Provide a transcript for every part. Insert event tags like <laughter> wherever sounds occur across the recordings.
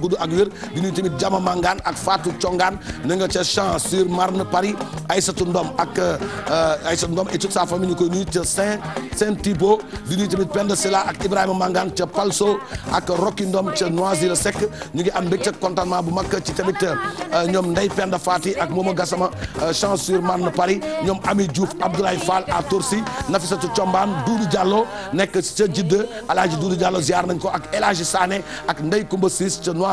gudd ak wér di nuyu tamit Jama Mangaan ak Fatou Congaan na nga ca Champs sur Marne Paris Aïssatou Ndom ak euh, Aïssatou Ndom et toute sa famille ñu koy nuyu ca Saint Saint-Thibault di nuyu tamit Penda Sila ak Ibrahima Mangaan ca Palso ak Rocky Ndom ca Noisy-le-Sec ñu ngi am mbégte contentement bu mag ci tamit euh, ñoom Ndey Penda Fati ak Momo Gassama euh, Champs sur Marne Paris ñoom Ami Diouf Abdoulaye Fall a Torcy Nafisatou Thiombane Doudou Diallo nekk ca Jidde Alaaji Doudou Diallo ziar nañ ko ak El Hadji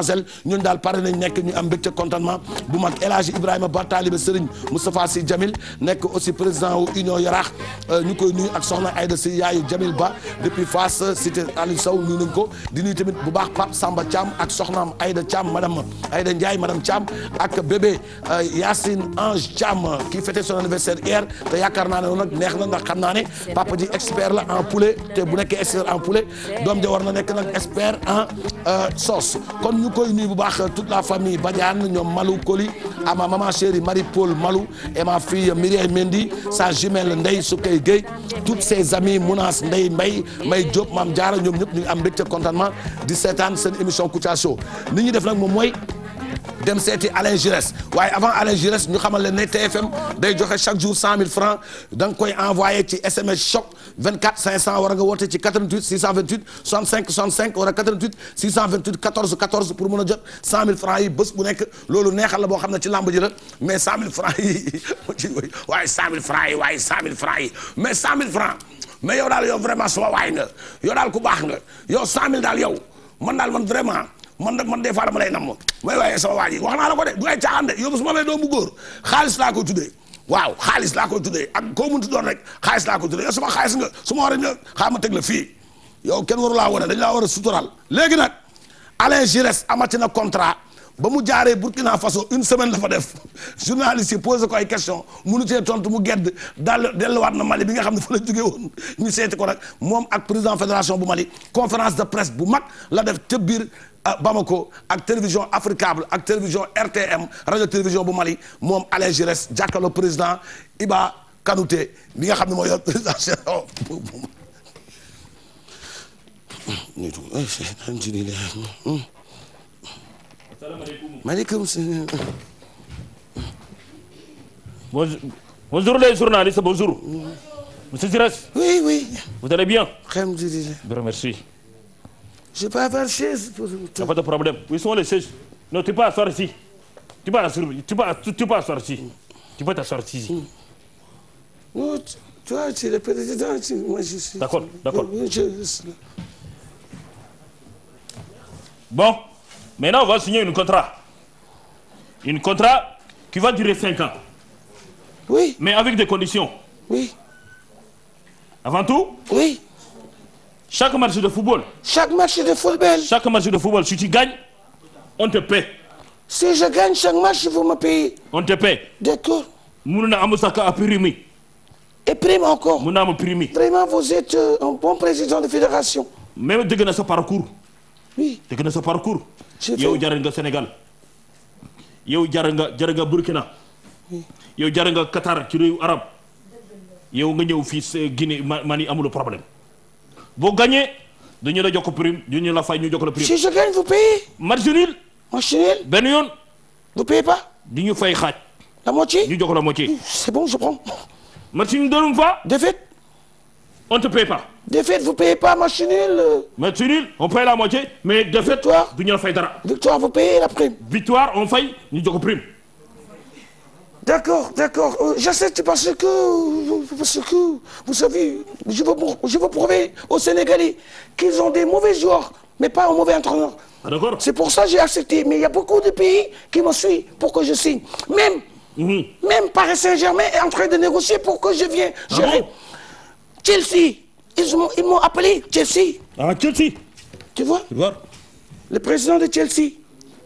demoiselle ñun daal pare nañ nekk ñu am mbégte contentement bu mag El Hadj Ibrahima Ba taalibe Serigne Moustapha Sy Jamil nekk aussi président wu union Yaraax euh, ñu koy nuyu ak soxna Aïda si yaayu Jamil Ba depuis Fass cité Aliou Sow nuyu nañ ko di nuyu tamit bu baax Pape Samba Thiam ak soxnaam Aïda Thiam madame Aïda Ndiaye madame Thiam ak bébé euh, Yacine Ange Thiam ki fêtait son anniversaire hier te yaakaar naa ne nag neex na ndax xam naa ne papa ji expert la en poulet te bu nekkee expert en poulet doom ja war na nekk nag expert en euh, sauce ñu koy nuyu bu baax toute la famille Badiane ñoom Malou Koli à ma maman chérie Marie-Paul Malou et ma fille Mireille Mendy sa jumelle Ndeye Soukey Gueye toutes ses amies Mounas Ndeye Mbaye May Diop mam Diarra ñoom ñëpp ñu am mbégte contentement di seetaan seen émission Kouthia Show ñuy def nag moom mooy dem seeti Alain Giresse waaye avant Alain Giresse ne TFM day joxe chaque jour cent mille francs da nga koy envoyé ci SMS choc 24 500 war nga woote ci 88 628 65 65 wala 88 628 14 14 pour mën a jot cent mille francs yi bés loolu neexal la boo xam ne ci làmb ji la mais cent mille francs yi <laughs> waaye mille francs yi waaye francs yi mais cent mille francs mais yow daal yow vraiment suma waay nga yow daal ku baax nga yow daal yow man daal man vraiment man man des fois dama lay namm way waaye sama waa naa la ko de du ay caaxaan de yow su ma amee doom bu góor xaalis laa ko tuddee waaw xaalis laa ko tuddee ak koo mënti rek xaalis laa ko tuddee yow sama xaalis nga su ma war a nga ma teg la fii yow kenn waru laa wane dañ laa war a sutural léegi nag Alain Giresse amati na contrat ba mu jaaree Burkina Faso une semaine la fa def journaliste yi posé ko ay question mu munu cee tontu mu gedd daal delluwaat na Mali bi nga xam ne fa la jógee woon ñu seeti ko rek moom ak président fédération bu Mali conférence de presse bu mag la def ca biir euh, Bamako ak télévision Africable ak télévision RTM rajo télévision bu Mali moom Alain Giresse jàkkaarloo président Iba Kanouté bi nga xam ne mooy yor président chef maaleykum salaam. bonjour. bonjour les journalistes bonjour. monsieur Siras. oui oui. vous bien. je pas de problème où sont les chaises. non tu peux asseoir ici. tu peux asseoir tu tu peux asseoir ici. tu mm. oh, tu es le président tu moi je suis. d'accord. bon. Maintenant, on va signer une contrat. Une contrat qui va durer 5 ans. Mais avec des conditions. Oui. Avant tout Oui. Chaque match de football. Chaque marché de football. Chaque match de si tu gagnes, on te paie. Si je gagne chaque match, vous me payez. On te na am saka a prime. Et prime encore. Mun na am prime. Vraiment, vous êtes euh, un bon président de fédération. Même dégg na sa parcours. Oui. Dégg na sa parcours. yow jaral nga Sénégal yow jaral nga jaral nga Burkina hmm. yow jaral nga Qatar ci réew arab yow nga ñëw fii Guinée Mali amulo problème boo gagné dañu la jokk prime ñu la fay ñu jokk la prime. si je gagne vous payez. match nul. benn yoon. vous payez pas. di ñu fay xaaj. la moitié ñu jokk la moitié. c'est bon je on te paye pas. de fait vous payez pas match nul. match nul on paye la moitié mais de fait. victoire vous payez la prime. victoire on fay ñu jox prime. D'accord, euh, J'accepte parce que vous savez, je veux prouver aux Sénégalais qu'ils ont des mauvais joueurs mais pas un mauvais entraîneur. Ah, C'est pour ça j'ai accepté mais il y a beaucoup de pays qui me suivent pour que je signe. Même mm -hmm. même en train de négocier pour que je vienne ah gérer. Ah Chelsea ils m'ont ils m'ont appelé Chelsea. ah Chelsea. tu vois. tu vois. le président de Chelsea.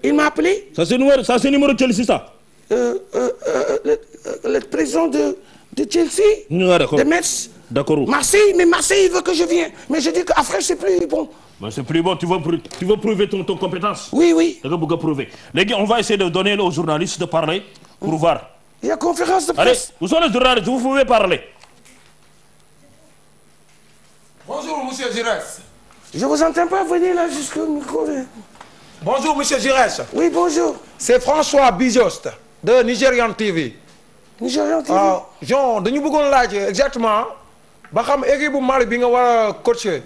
il m'a appelé. ça c'est numéro ça c'est numéro Chelsea ça. Euh, euh, euh le, euh, le président de de Chelsea. Ah, de Metz. D'accord. Marseille mais Marseille il veut que je vienne mais je dis que après c'est plus bon. mais c'est plus bon tu veux tu veux prouver ton ton compétence. oui oui da nga bëgg a prouver léegi on va essayer de donner aux journalistes de parler pour voir. il y a conférence de presse. allez vous êtes les journalistes vous pouvez parler. Bonjour, monsieur Giresse. Je vous entends pas venir là jusqu'au micro. Bonjour, monsieur Giresse. Oui, bonjour. C'est François Bijost de Nigérian TV. Nigérian TV ah, Jean dañu bëggoon laaj exactement ba xam équipe bu Mali bi nga war a coacher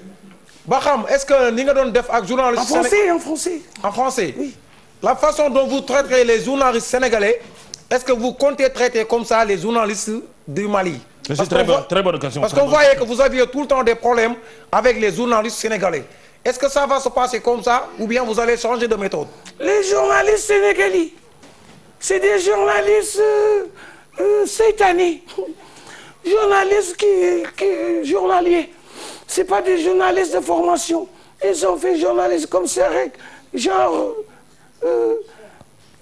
ba xam est-ce que ni nga doon def ak journaliste. en en français. la façon dont vous traitez les journalistes sénégalais est-ce que vous comptez traiter comme ça les journalistes. du Mali. C'est une très, très que vous aviez tout le temps des problèmes avec les journalistes sénégalais. Est-ce que ça va se passer comme ça ou bien vous allez changer de méthode? Les journalistes sénégalais, c'est des journalistes euh, euh, seytaanés. Journalistes qui qui journaliers. C'est pas des journalistes de formation. Ils comme Serek, genre euh,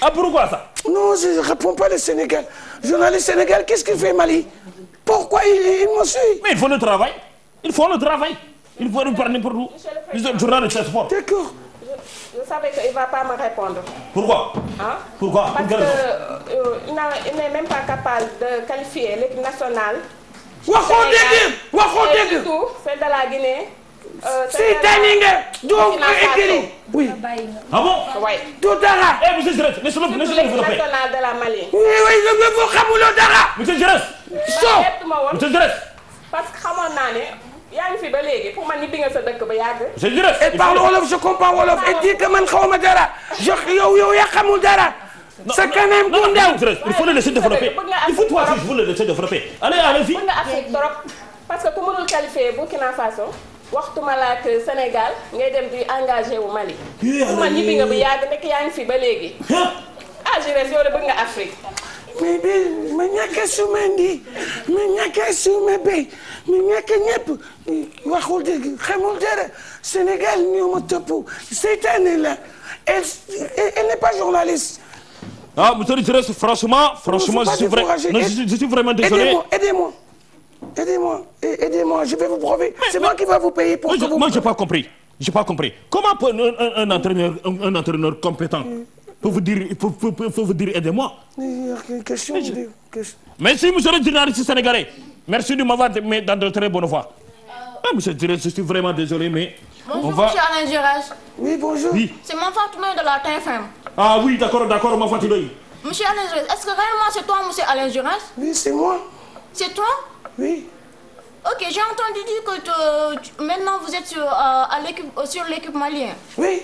Ah pourquoi ça Non, je ne réponds le Sénégal. Journaliste Sénégal, qu'est-ce qu'il fait Mali Pourquoi il, il Mais il faut le travail. Il faut le travail. Il faut le parler pour Le journal de sport. D'accord. Je, que, euh, il n'est même pas capable de qualifier l'équipe nationale. Waxoo dégg waxoo la Guinée. Euh, si tani nga donc écrit oui ah bon tout dara eh monsieur Jerez ne se le ne se le vous rappelez de la Mali oui oui je veux vous xamuloo dara monsieur Jerez so monsieur Jerez parce que xamoon naa ne yaa ngi fi ba léegi pour man ñibbi nga sa dëkk ba yàgg monsieur Jerez et parle wolof je comprends wolof et dis que man xawma dara je yow yow yaa xamul dara sa kanam bu ndaw il faut le laisser développer il faut toi aussi je vous le laisser développer allez allez-y parce que ku mënul qualifier Burkina Faso waxtuma laak euh, Sénégal ngay dem di engagé wu Mali. fu ma ñibbi nga bu yàgg nekk yaa ngi fi ba léegi. ah Jérés yow de nga Afrique. mais bi ma ñàkk suma ndi ma ñàkk suma béy ma ñàkk ñëpp waxul dëgg xamul dara Sénégal ñoo ma topp elle elle pas journaliste. ah monsieur Jérés franchement. franchement je suis vraiment désolé aidez moi aidez-moi aidez-moi je vais vous prouver. c'est moi qui va vous payer pour. vous moi j'ai pas pas compris comment peut un compétent. peut vous dire aidez-moi. question merci monsieur le journaliste sénégalais merci de m'avoir mis dans de très bonne voie. Euh. ah monsieur le journaliste je suis vraiment désolé mais. Bonjour, on va monsieur Alain Giresse. Oui, bonjour. Oui. C'est Mafatoulaye de la TFM. Ah oui, d'accord, d'accord, Mafatoulaye. Monsieur Alain Giresse, est-ce que réellement c'est toi monsieur Alain Giresse? Oui, c'est moi. C'est toi? Oui. Ok, j'ai entendu dire que tu, maintenant vous êtes euh, euh, sur, l'équipe malien. Oui.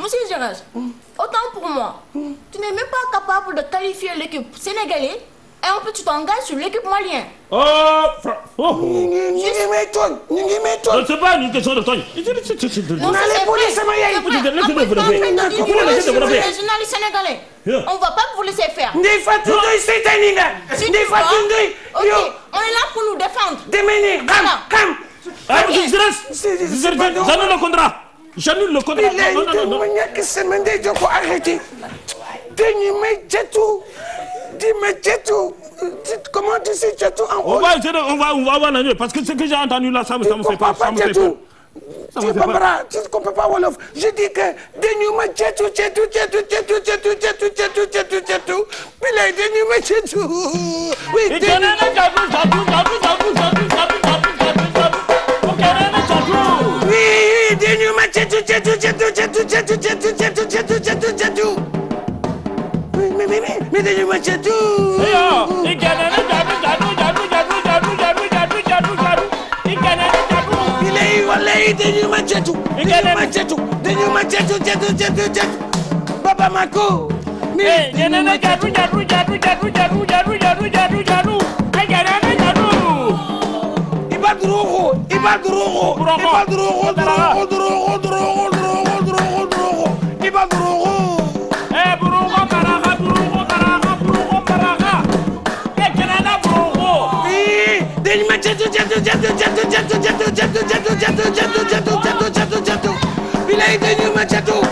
monsieur Gérard, mm. autant pour moi, mm. tu pas capable de qualifier l'équipe sénégalaise et un petit engagement sur l'équipe malienne. oh Fra oh. ñu ngi may tooñ. ñu ngi may tooñ. c'est pas une question de tooñ. non c'est sama yaay. journaliste sénégalais. on va pas vous laisser faire. Ndeye Fatou Ndoye seytaane nga. Ndeye Fatou Ndoye. ok on est là pour nous défendre. demee nii xam xam. ah j'annule le contrat. j'annule le contrat. non non non. ñàkk semaine day jox ko arrêté. te ñu may jëtu di ma jëtu. comment tu sais Thiatou en haut. on va essayer de on va on va avoir la parce que ce que j'ai entendu là ça me ça me fait pas ça me fait pas. ça me fait pas tu comprends pas wolof je dis que dañu ma Thiatou Thiatou Thiatou Thiatou Thiatou Thiatou Thiatou Thiatou Thiatou bi lay dañu ma Thiatou. oui dañu ma Thiatou Thiatou Thiatou Thiatou Thiatou Thiatou Thiatou Thiatou Thiatou Thiatou mais mais mais dañu ma Thiatou. yeneen cetu dañu ma cetu cetu cetu cetu baba ma ko mi yeneen a jatu jatu jatu jatu jatu jatu jatu jatu jatu a jara na jatu iba duruxu iba duruxu iba duruxu duruxu duruxu duruxu duruxu duruxu duruxu iba duruxu eh buruxu baraxa buruxu baraxa buruxu baraxa e kena na buruxu i dañu ma cetu cetu cetu cetu cetu cetu cetu cetu cetu cetu lay dañu ma ca toog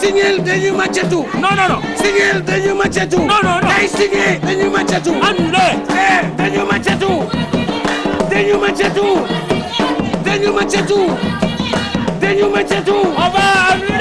signal dañu màccatu. non non non. signal dañu màccatu. non non non day signal dañu màccatu. amul eh dañu màccatu. dañu màccatu. dañu màccatu. dañu màccatu. on va